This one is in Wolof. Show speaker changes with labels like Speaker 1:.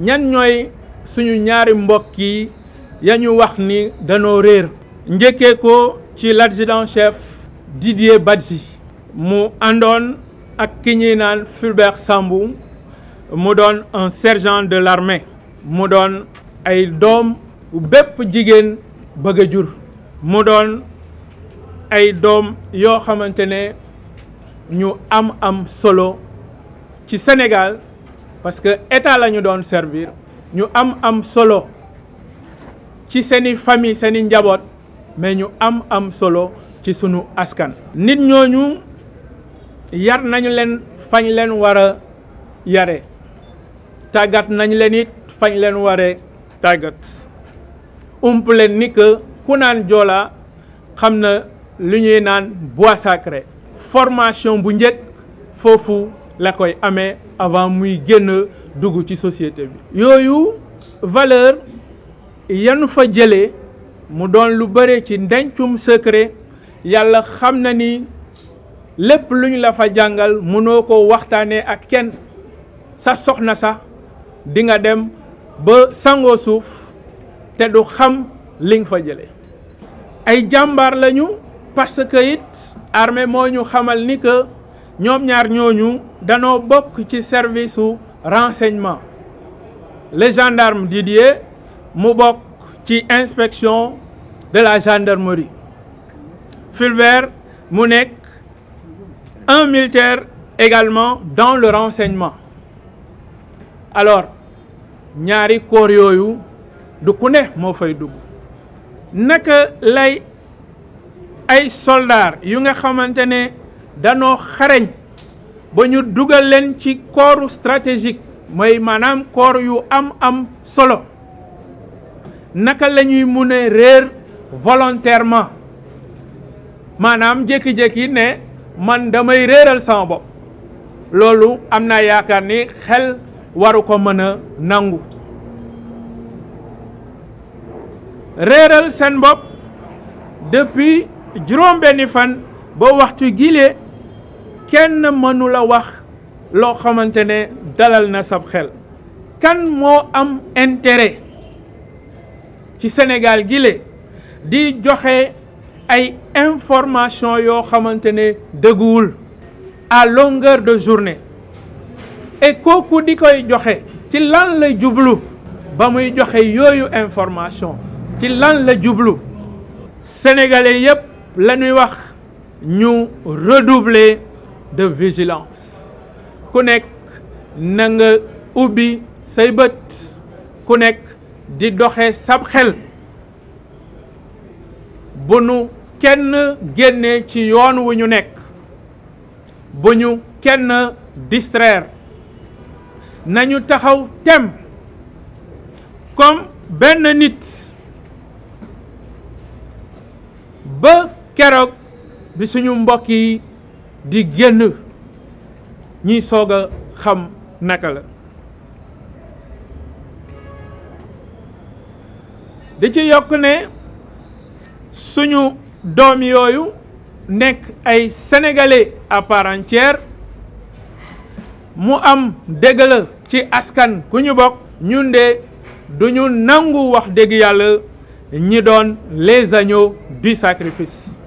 Speaker 1: ñan ñoy suñu ñaari wax ni réer ci chef Didier Badji mu àndoon ak ki ñuy naan Fulbert mu un sergent de l'armée mu doon ay bëgg a jur mu doon ay am am solo ci Sénégal parce que l'État la doon servir nous am am solo ci famille seeni njabot mais nous am am solo ci sunu askan. nit nous. yar nañu leen fañ yare nañ leen it fañ leen nous. tagat ni ku nan xamna bois sacré formation bu la koy amé avant muy génn dugg ci société bi yoyu valeur yanu fa jëlee mu doon lu ci ndencum secret yalla xam ni lepp luñ la fa ko ak sa soxna di nga dem du xam fa ay Jambar, parce que it armée nous ñaar ñooñu nos bokk ci service renseignement Les gendarmes Didier mu bokk ci inspection de la gendarmerie Fulbert mu un militaire également dans le renseignement alors ñaari corps yooyu du ku ne moo fay dugg naka lay ay soldats yu nga xamante danoo xareñ ba ñu dugal leen ci kooru stratégique mooy maanaam koor yu am am solo naka la ñuy mun réer volontairement maanaam jékki-jékki ne man damay réeral sama bopp loolu am na yaakaar ni xel waru ko mën a nangu réeral seen bopp depuis juróom benni fan ba waxtu gilee kenn mënu la wax loo xamante ne dalal na sab xel kan moo am intérêt ci Sénégal gile, di joxe ay information yoo xamante ne à longueur de journée et kooku di koy joxe ci lan la jublu ba muy joxe yooyu information ci lan la jublu sénégalais yépp la ñuy wax ñu redoubler de vigilance ku nekk na nga ubbi say bët ku nekk di doxe sab xel bu nu kenn génnee ci yoon wu ñu nekk bu ñu kenn distraire nañu taxaw tem comme benn nit ba keroog bi suñu mbokk yi di génn ñi sog a xam naka la di ci yokk ne suñu doom yooyu nekk ay sénégalais à mu am dëgg la ci askan ku ñu bokk ñun de duñu nangu wax dëgg yàlla ñi doon les agneaux du sacrifice